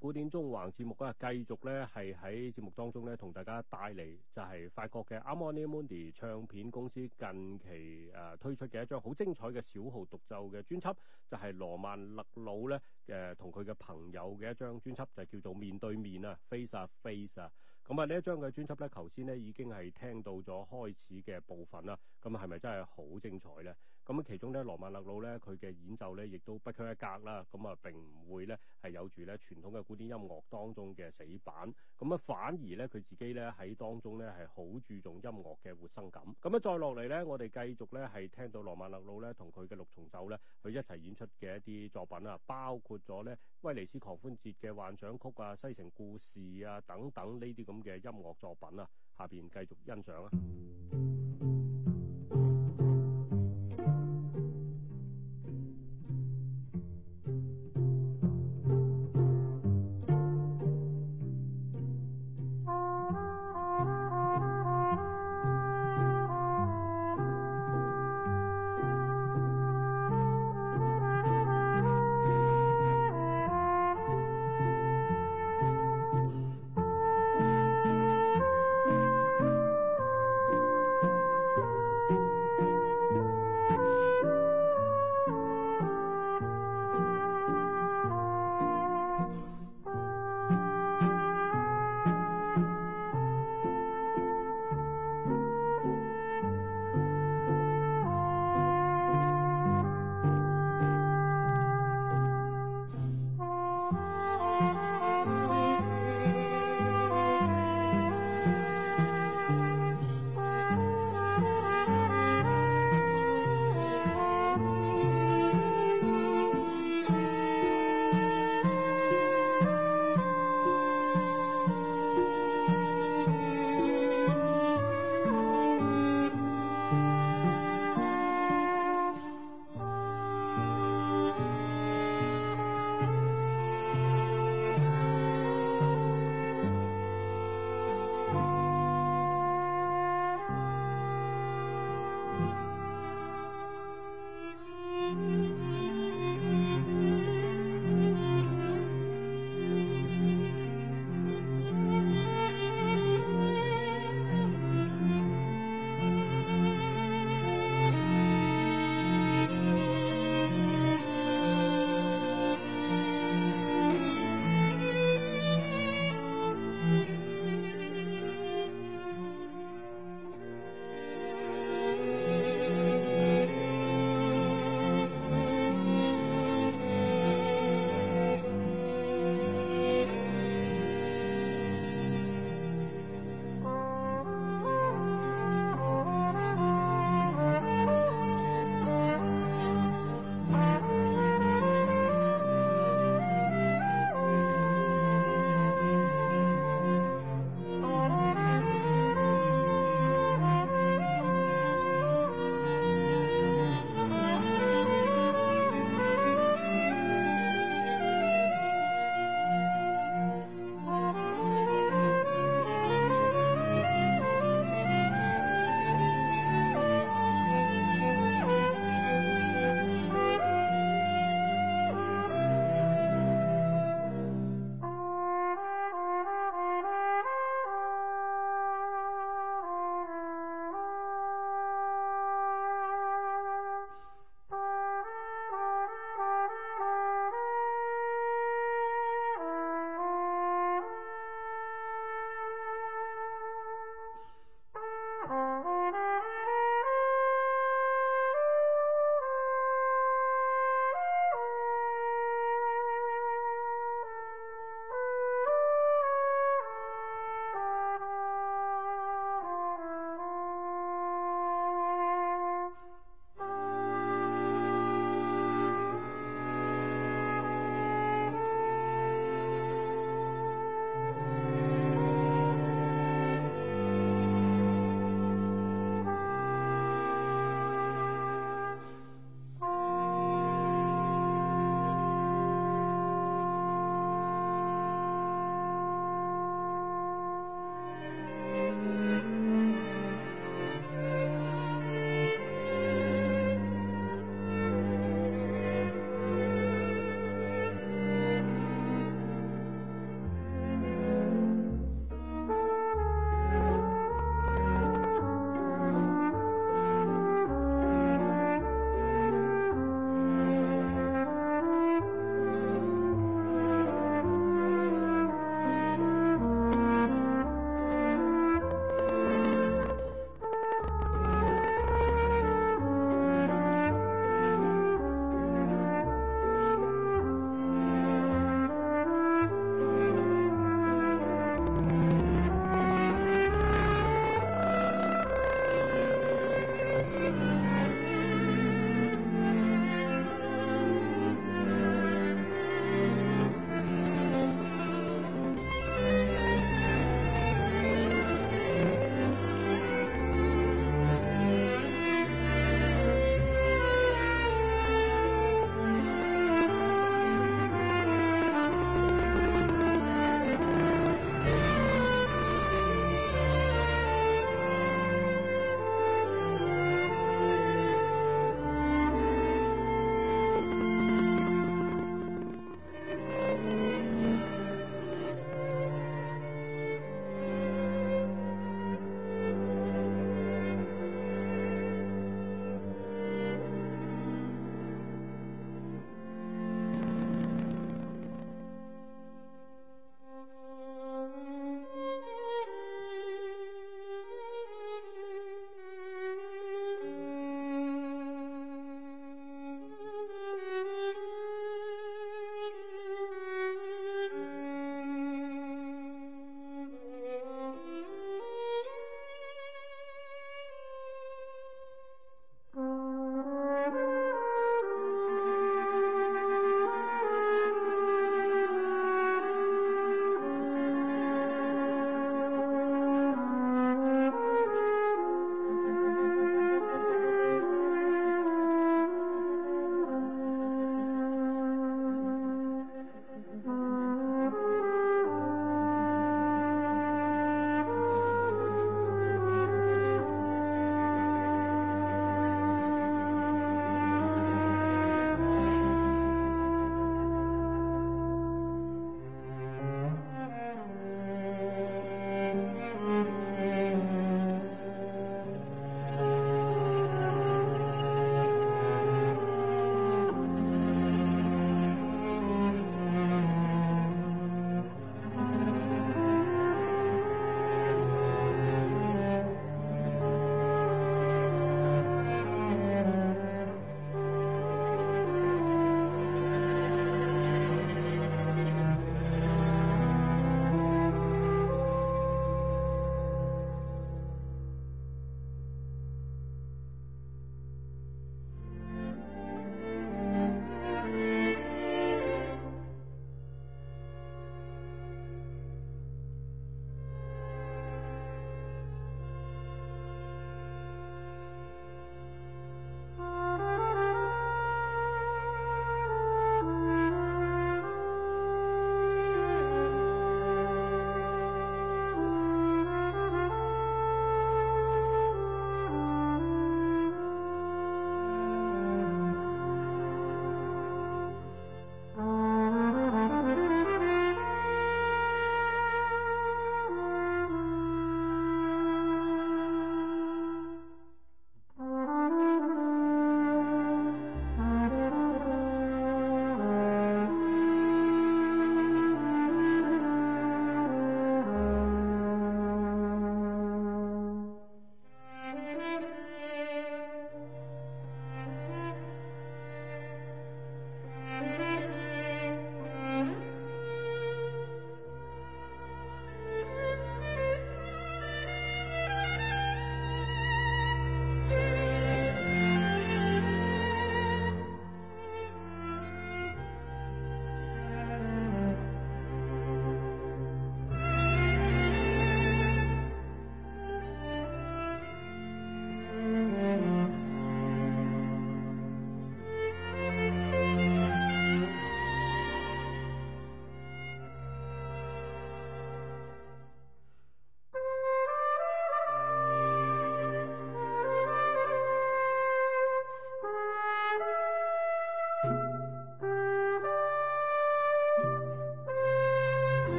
古典縱橫節目咧，繼續咧係喺節目當中咧，同大家帶嚟就係法國嘅 Harmonia Mundi 唱片公司近期誒推出嘅一張好精彩嘅小號獨奏嘅專輯，就係、是、羅曼勒魯咧嘅同佢嘅朋友嘅一張專輯，就叫做面對面 Face 啊 Face Face 啊！咁啊呢一張嘅專輯咧，頭先咧已經係聽到咗開始嘅部分啦，咁係咪真係好精彩咧？咁其中咧，羅曼勒魯咧，佢嘅演奏咧，亦都不拘一格啦。咁啊，並唔會咧係有住咧傳統嘅古典音樂當中嘅死板。咁啊，反而咧，佢自己咧喺當中咧係好注重音樂嘅活生感。咁啊，再落嚟咧，我哋繼續咧係聽到羅曼勒魯咧同佢嘅六重奏咧，佢一齊演出嘅一啲作品啊，包括咗咧威尼斯狂歡節嘅幻想曲啊、西城故事啊等等呢啲咁嘅音樂作品啊。下邊繼續欣賞啊！